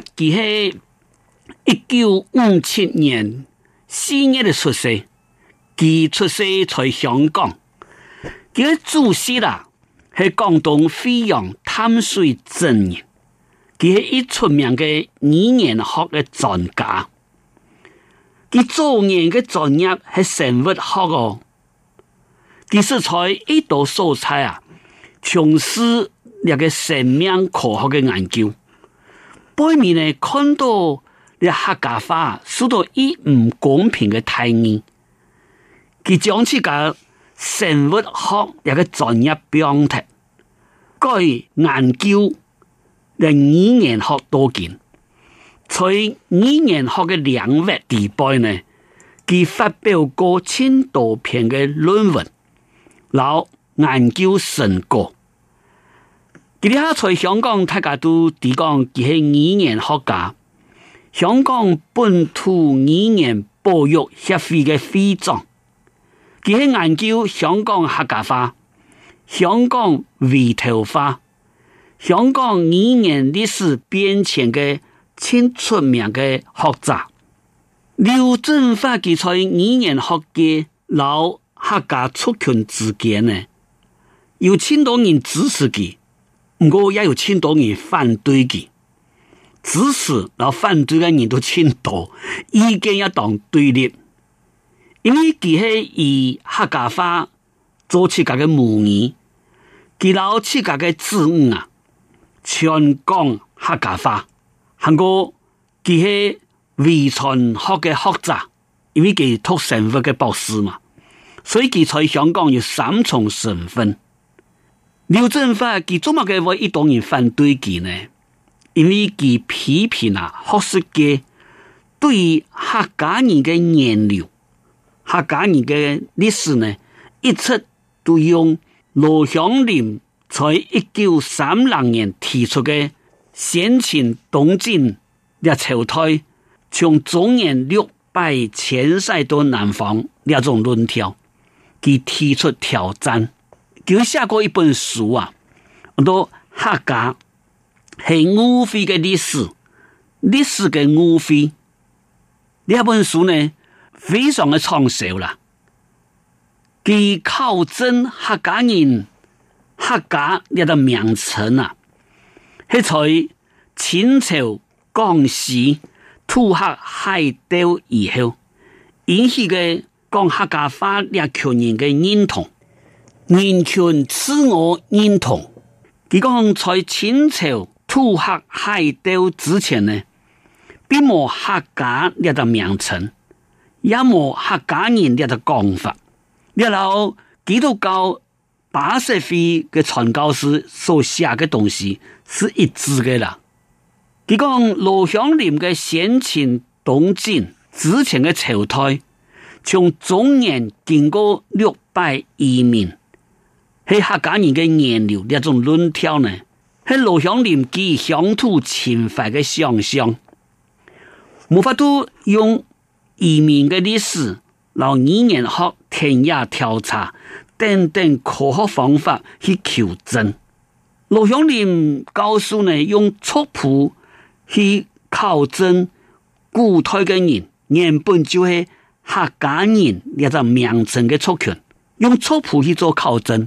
佢係一九五七年四月的出生，佢出生在香港。佢祖籍啦係廣東惠陽淡水鎮人。佢係一出名嘅語言學嘅專家。佢做嘅專業係生物學哦。佢是在一道素材啊，從事一個生命科學嘅研究。背面呢，看到啲客家話，受到一唔公平嘅待遇，佢將自己生物學入去進一步研究，令語言學多見。在語言學嘅領域地位呢，佢發表過千多篇嘅論文，有研究成果。佢哋喺在香港，大家都提供佢，係語言學家，香港本土語言保育協會的會長，佢係研究香港客家話、香港圍頭話、香港語言歷史變遷嘅出名的學者。劉鎮發佢在語言學嘅老客家族群之間呢，有千多人支持佢。不過也有千多人反對佢，支持然後反對嘅人都千多，意見一當對立。因為佢係以客家話做自己個的母語，佢老寫自的子女啊。全港客家話，還個佢係遺傳學的學者，因為佢讀生物的博士嘛，所以佢在香港有三重身份。劉鎮發佢做乜嘅為一黨人反對佢呢？因為佢批評啊，學識嘅對客家人嘅研究，客家人嘅歷史呢，一直都用羅香林在一九三六年提出嘅先秦東晉嘅朝代從中原六百前再到南方呢種論調，佢提出挑戰。佢寫過一本書啊，叫做客家係誤會的歷史，歷史的誤會，呢本書呢非常的暢銷啦，佢考證客家人客家呢個名稱啊，係在清朝江西土客械鬥以後，引起嘅講客家話兩群人嘅認同。完全使我認同。佢講在清朝土客械鬥之前呢，並冇客家呢個名稱，也冇客家人呢個講法，然後基督教巴色會嘅傳教士所寫嘅東西是一致嘅啦。佢講羅香林嘅先秦東晉之前嘅朝代，從中原經過六百餘年。喺客家人嘅源流，一種論調呢？喺羅香林基於鄉土情懷嘅想象，無法度用移民嘅歷史、老移民學田野調查等等科學方法去求證。羅香林告訴呢，用族譜去考證古代嘅人，原本就係客家人呢一種名稱嘅出現，用族譜去做考證。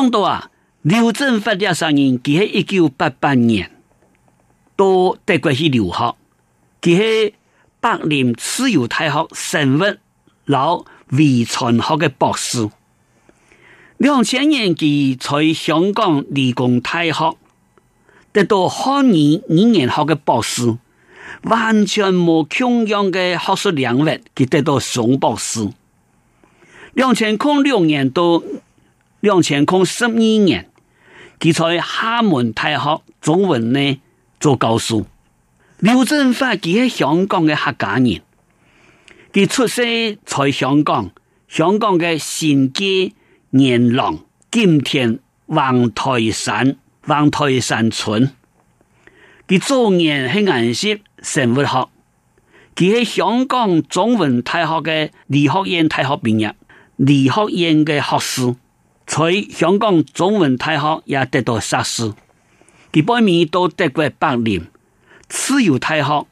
講到啊，劉鎮發先生，佢係一九八八年到德國去留學，佢係柏林自由大學生物老遺傳學嘅博士。兩千年佢在香港理工大學得到漢語語言學嘅博士，完全冇同樣嘅學術領域，佢得到雙博士。兩千零六年到。都兩千零十一年，佢在廈門大學中文呢做教授。劉鎮發佢係香港的客家人，佢出生在香港，香港的新界、元朗、錦田、黃台山、黃台山村。佢專業係研究生物學，佢喺香港中文大學的理學院大學畢業，理學院嘅學士。在香港中文大學也得到碩士，佢每年到德國柏林自由大學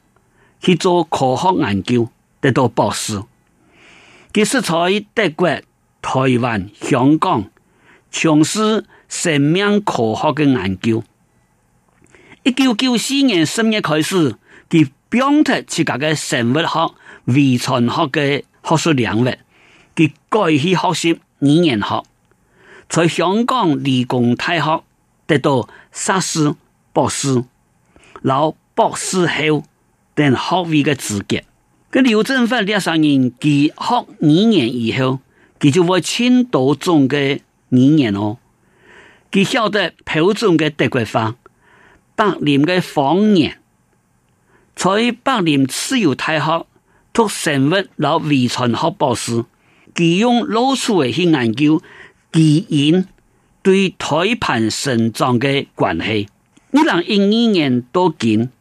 去做科學研究，得到博士。佢是在德國、台灣、香港從事生命科學的研究。一九九四年十月開始，佢表特自己嘅生物學、遺傳學的學術領域，佢改去學習語言學。在香港理工大學得到碩士、博士，然後博士後等學位的資格。跟劉鎮發呢三年，佢學語言以後，佢就學青島中嘅語言咯。佢曉得普通嘅德國話、柏林嘅方言。在柏林自由大學讀生物，老遺傳學博士，佢用老鼠去研究。基因對胎盤生長的關係，我讓英語人都見，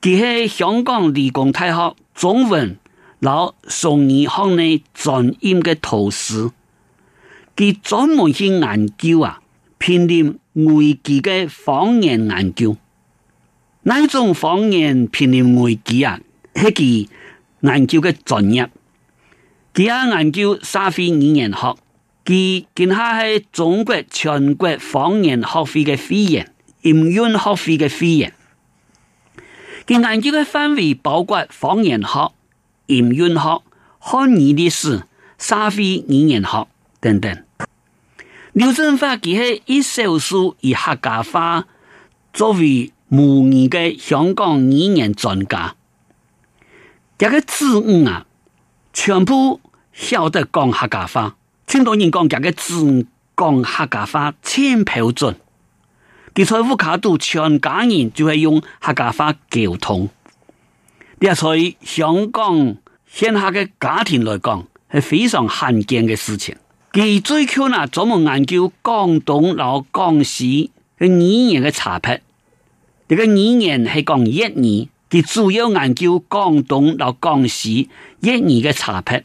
佢係香港理工大學中文老宋二康的專業的導師。佢專門研究啊，瀕臨危機嘅方言研究，哪種方言瀕臨危機啊？係、那、佢、個、研究嘅專業，佢阿研究社會語言學。佢見他係中國全國方言學會的會員、音韻學會的會員，佢研究嘅範圍包括方言學、音韻學、漢語歷史、社會語言學等等。劉振發佢係以學術與客家話作為母語嘅香港語言專家，這個子女啊，全部曉得講客家話。青島人講江嘅湛江客家話千標準，佢財富卡度全家人就係用客家話溝通。但係在香港現下嘅家庭來講，係非常罕見嘅事情。佢追求呢，專門研究廣東老江西嘅語言嘅差別。呢個語言係講粵語，佢主要研究廣東老江西粵語嘅差別。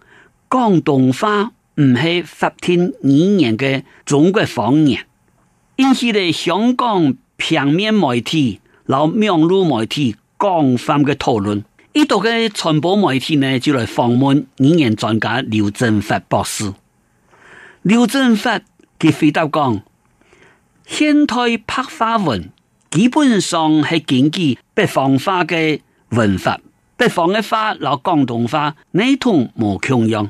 廣東話唔係法定語言嘅中國方言，因此嚟香港平面媒體，然後網絡媒體廣泛嘅討論，呢度嘅傳播媒體呢就來訪問語言專家劉振發博士。劉振發佢回答講：現代白話文基本上係根據北方話嘅文法，北方嘅話，同廣東話呢同冇共樣。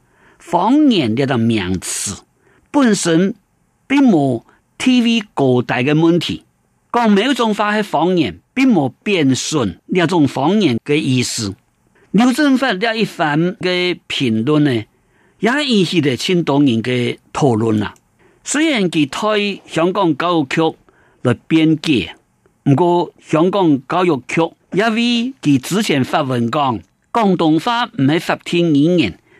方言呢個名詞本身並冇 TV 各大嘅問題，講某種話係方言並冇貶損，呢種方言嘅意思。劉鎮發呢一番嘅評論呢，也引起咗好多人嘅討論啊。雖然佢推香港教育局嚟辯解，唔過香港教育局因為佢之前發文講，廣東話唔係法定語言。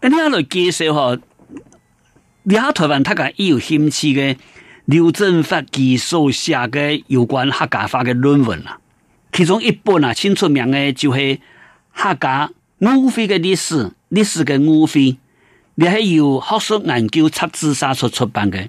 今好我們介紹哈，你好，啊、台灣他家有興趣嘅劉鎮發教授寫嘅有關客家話嘅論文啦，其中一本啊，新出名嘅就是《客家誤會嘅歷史》，歷史嘅誤會，係由學術研究雜誌社出出版嘅。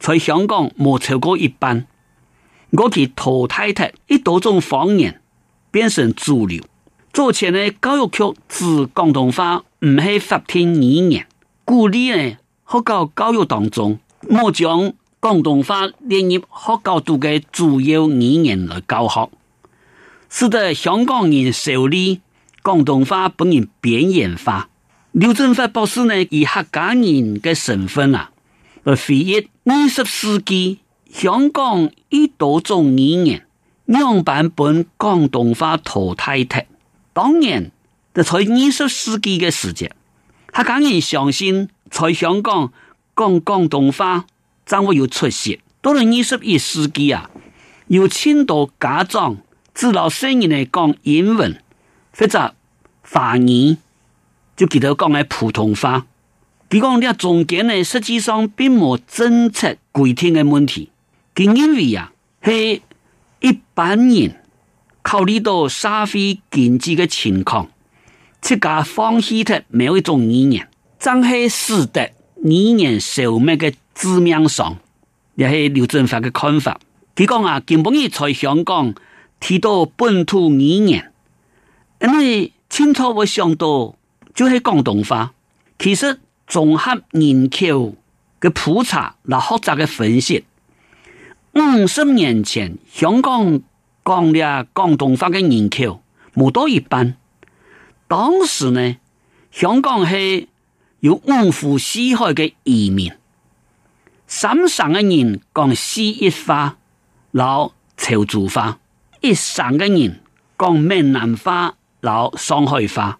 在香港冇超過一半，我哋淘汰脱一多種方言變成主流。早前的教育局指廣東話唔係法定語言，故呢呢學校教育當中冇將廣東話列入學校都的主要語言來教學，使得香港人受力廣東話不能邊緣化。劉鎮發博士呢以客家人的身份啊。嚟回憶二十世紀香港一多中語言兩版本廣東話淘汰掉。當年在二十世紀嘅時節客家人相信在香港講廣東話真係有出息。到了二十一世紀啊，有青多家長指導生意來講英文或者法語，就叫做講嘅普通話。佢講呢個重點呢，實際上並冇政策規定的問題，正因為啊，係一般人考慮到社會經濟的情況，即家放棄咗冇一種語言，真係使得語言消滅的致命傷，也係劉鎮發的看法。佢講啊，根本以在香港提到本土語言，因為清朝我想到就係廣東話，其實。綜合人口的普查來學習的分析，五十年前香港講了廣東話的人口冇多一半。當時呢，香港係有五湖四海的移民，三成嘅人講四邑話，老潮州話；一成嘅人講閩南話，老上海話。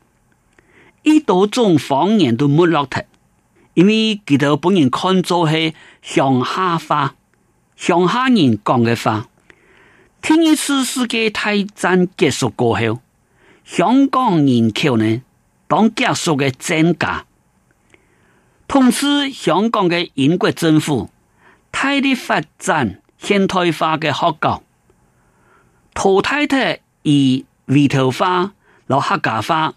呢度種方言都沒落咗，因為佢哋本人看做係鄉下話，鄉下人講嘅話。第二次世界大戰結束過後，香港人口呢當急速嘅增加，同時香港嘅英國政府大力發展現代化嘅學校，淘汰咗以圍頭話、老客家話。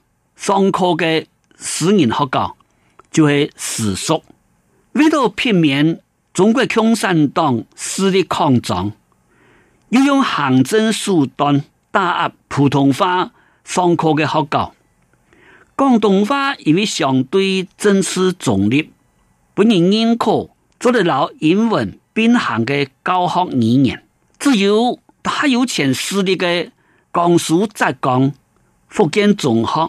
上課嘅私人學校就係私塾，為了避免中國共產黨勢力擴張，又用行政手段打壓普通話上課嘅學校。廣東話因為相對正式中立，不能認可，做得到英文並行的教學語言。只有大有錢私立的江蘇浙江福建中學。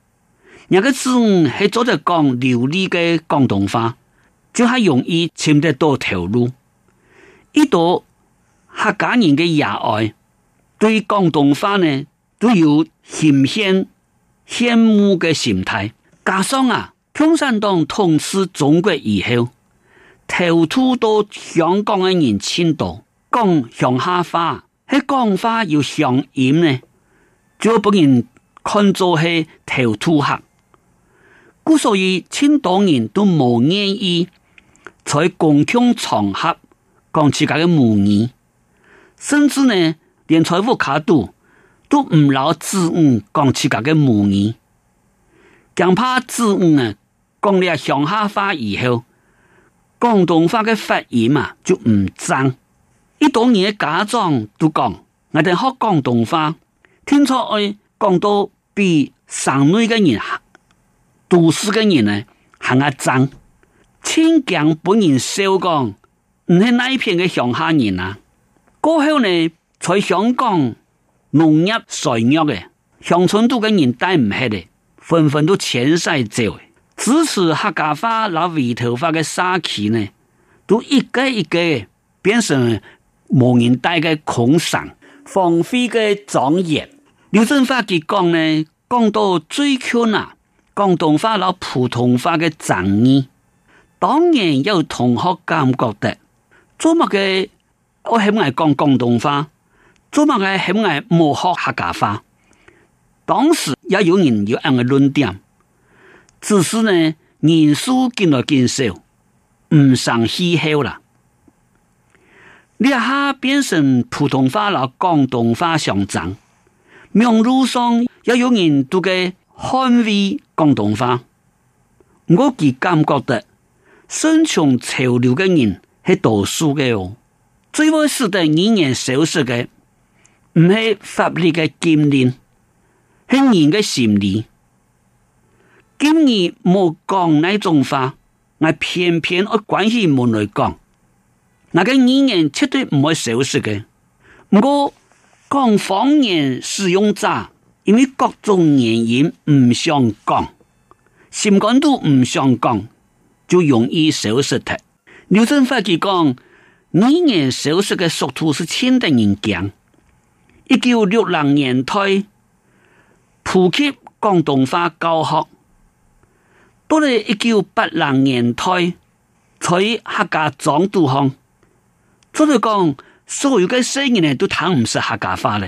人個嘅字喺早就講流利的廣東話，就係容易搵得到頭路。依度客家人的熱愛對廣東話呢，都有羨慕羨慕的心態。加上啊，共產黨統治中國以後，偷渡到香港的人遷到講鄉下話，喺講話又上癮呢，就被人看作是偷渡客。故所以，青島人都不願意在公共場合講自己的母語，甚至呢連財富卡都都不留子女講自己的母語，驚怕子女啊講了係鄉下話以後，廣東話的發音啊就唔正，呢多年家長都講，我哋學廣東話，聽說去講到比省內的人。讀書嘅人呢，行一陣，千景本人少光，唔是那一片的鄉下人啊。過後呢，在香港農業衰弱的，鄉村都給人帶唔起的，紛紛都遷徙走的。只是客家話和圍頭話的沙器呢，都一個一個變成了無人帶嘅空山，荒廢嘅莊野。劉鎮發佢講呢，講到最圈啊。廣東話攞普通話嘅爭議，當然有同學感覺的。做乜嘅？我喜歡講廣東話，做乜嘅？喜歡學客家話。當時也有，有人有這樣的論點，只是呢，人數漸來漸少，唔上氣候啦。你下變成普通話攞廣東話相爭，名路上也有，有人都嘅。捍衛廣東話，我己感覺得，身從潮流的人是讀書的哦，最好是代語言消失的，唔係法律的禁令，是人的心理，今日冇講那種話，我偏偏我關起門來講，那個語言絕對唔會消失的。我講方言使用者。因為各種原因唔想講，情感都唔想講，就容易消失脱。劉鎮發佢講：女年消失嘅速度是千得人驚。一九六零年代普及廣東話教學，到嚟一九八零年代在客家莊都行，即係講所有嘅聲音呢都聽唔識客家話呢。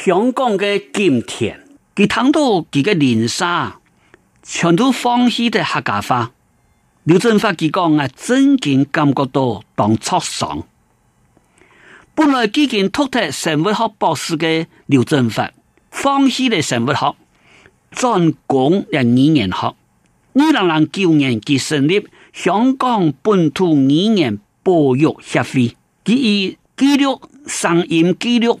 香港嘅今天，佢睇到佢嘅連沙，全都放棄的客家話。劉鎮發佢講啊，真係感覺到都沮喪。本來幾件獨特生物學博士的劉鎮發，放棄的生物學，專攻人語言學。二零零九年佢成立香港本土語言保育協會，給予紀錄聲音紀錄。